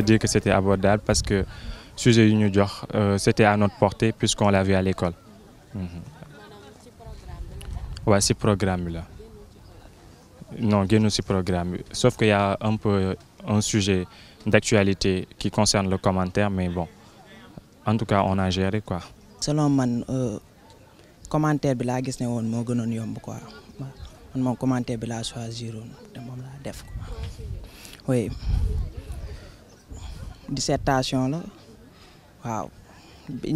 peut dire que c'était abordable parce que sujet yu ñu jox euh, c'était à notre portée puisqu'on l'a vu à l'école waaw mm-hmm. programme bi la non génnu si programme bi sauf que y a un peu euh, un sujet d'actualité qui concerne le commentaire mais en tout cas on a géré quoi selon man euh, commentaire bi laa gis ne woon moo gënoon yomb quoi man moom commentaire bi laa choisir woon moom laa def quoi oui dissertation la waaw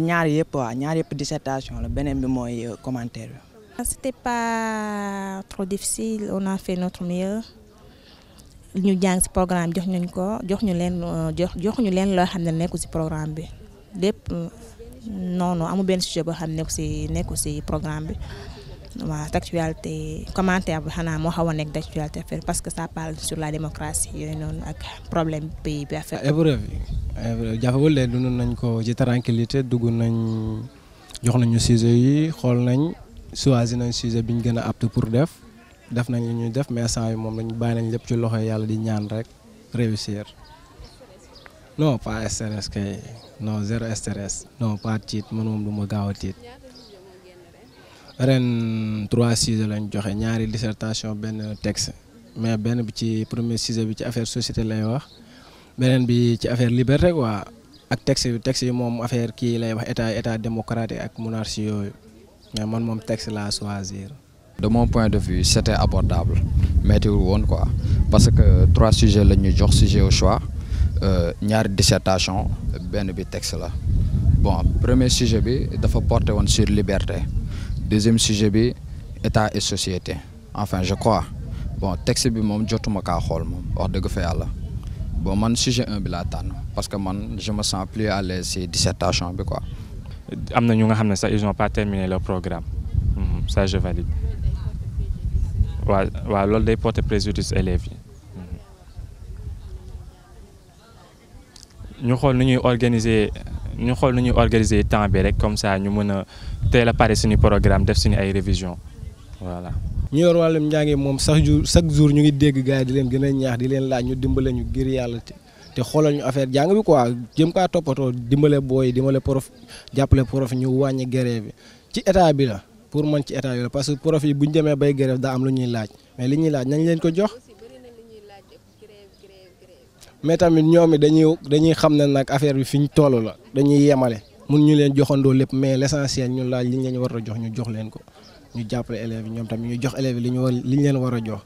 ñaar yëpp waaw ñaar yëpp dissertation la beneen bi mooy euh, commentaire bi. Ah, c'était pas trop difficile on a fait notre mieux ñu jàng ci programme jox ñu ko jox ñu leen euh, jox jox ñu leen loo xam ne nekku ci programme bi lépp euh, noonu non amul benn sujet boo xam ne nekku ci nekku ci programme bi. te d'actualité commentaire bi xanaa moo xaw nekk d'actualité affaire parce que ça parle sur la démocratie yooyu noonu ak problème pays bi affaire. épreuve yi jafewul lee dund nañ ko ci tranquillité dugg nañ jox nañu sujet yi xool nañ choisir nañ sujet bi ñu gën a apte pour def def nañ li ñuy def mais sans yi moom lañ bàyyi nañ lépp ci loxo yàlla di ñaan rek réussir no pas stress kay non zéro stress non pas tiit mën moom du ma gaaw a tiit. ren trois sujets lañ joxe ñaari dissertation benn texte mais benn bi ci premier sujet bi ci affaire société lay wax beneen bi ci affaire liberté quoi ak texte bi texte yi moom affaire kii lay wax état état démocratique ak monarchie yooyu man moom texte laa choisir. de mon point de vue c' était abordable météo woon quoi parce que trois sujets la ñu jox sujet au choix euh, ñaari dissertation benn bi texte la bon premier sujet bi dafa porté woon sur liberté. deuxième sujet bi état et société enfin je crois bon texte bi moom jotuma ka xool moom wax dëgg fa yàlla bon man sujet un bi laa tànn parce que man je me sens plus à l'aise si dissertation bi quoi. am na ñu nga xam ne sax ils ont pas terminé leur programme mhm, ça je valide waaw waaw loolu day porter préjudice élèves yi. Mhm. ñu xool nu ñuy organiser. ñu xool nañu ñuy temps bi rek comme ça ñu mën a teel a pare suñu programme def suñu ay révision voilà. ñu yor wàllum njàngi moom chaque jour chaque jour ñu ngi dégg gars yi di leen gën a ñaax di leen laaj ñu dimbale ñu ngir yàlla te xoolal ñu affaire jàng bi quoi jëm kaa toppatoo dimbale booy dimbale prof jàppale prof ñu wàññi grève bi ci état bi la pour man ci état yooyu parce que prof yi bu ñu demee bay grève daa am lu ñuy laaj mais li ñuy laaj leen ko jox. mais tamit ñoom it dañuy dañuy xam ne nag affaire bi fi ñu toll la dañuy yemale mun ñu leen joxandoo lépp mais l' essentiel ñun laaj li ñu leen war a jox ñu jox leen ko ñu jàppale élèves yi ñoom tamit ñu jox élèves yi li ñu war li ñu leen war a jox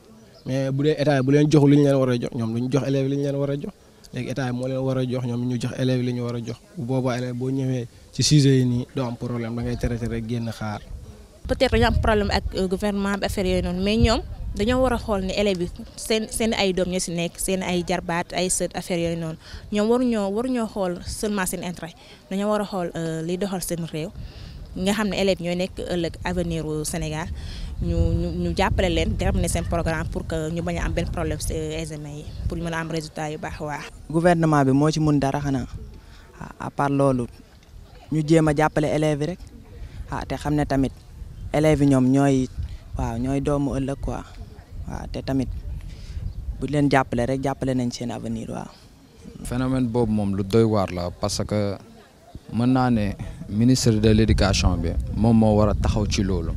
mais bu dee état bu leen joxul li ñu leen war a jox ñoom ñu jox élèves li ñu leen war a jox léegi état moo leen war a jox ñoom ñu jox élèves li ñu a jox bu boobaa élèves boo ñëwee ci sujet yi nii doo am problème da ngay traité rek génn xaar. peut-être ñu am euh, yooyu noonu mais ñoom dañoo war a xool ne élèves seen seen ay doom ñoo si nekk seen ay jarbaat ay sët affaire yooyu noonu ñoom waruñoo waruñoo xool seulement seen intérêt dañoo war xool euh, li doxal seen réew nga xam ne élèves ñooy nekk ëllëg avenir Sénégal ñu ñu ñu jàppale leen terminer seen programme pour que ñu bañ a problème si euh, pour mën a résultat yu baax waa gouvernement bi moo ci mun dara xanaa à part ñu jéem a jàppale élèves yi rek ah te xam ne tamit élèves yi ñoom ñooy waaw ñooy doomu ëllëg quoi waaw te tamit bu leen jàppale rek jàppale nañ seen avenir waaw. phénomène boobu moom lu doy waar la parce que mën naa ne ministre de l' éducation bi moom moo war a taxaw ci loolu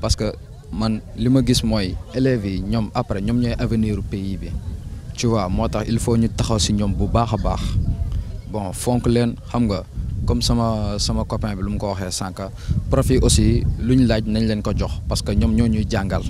parce que man li ma gis mooy élèves yi ñoom après ñoom ñooy avenir pays bi tu vois moo tax il faut ñu taxaw si ñoom bu baax a baax bon fonk leen xam nga comme sama sama copain bi lu mu ko waxee sànq profit aussi lu ñu laaj nañ leen ko jox parce que ñoom ñoo ñuy jàngal.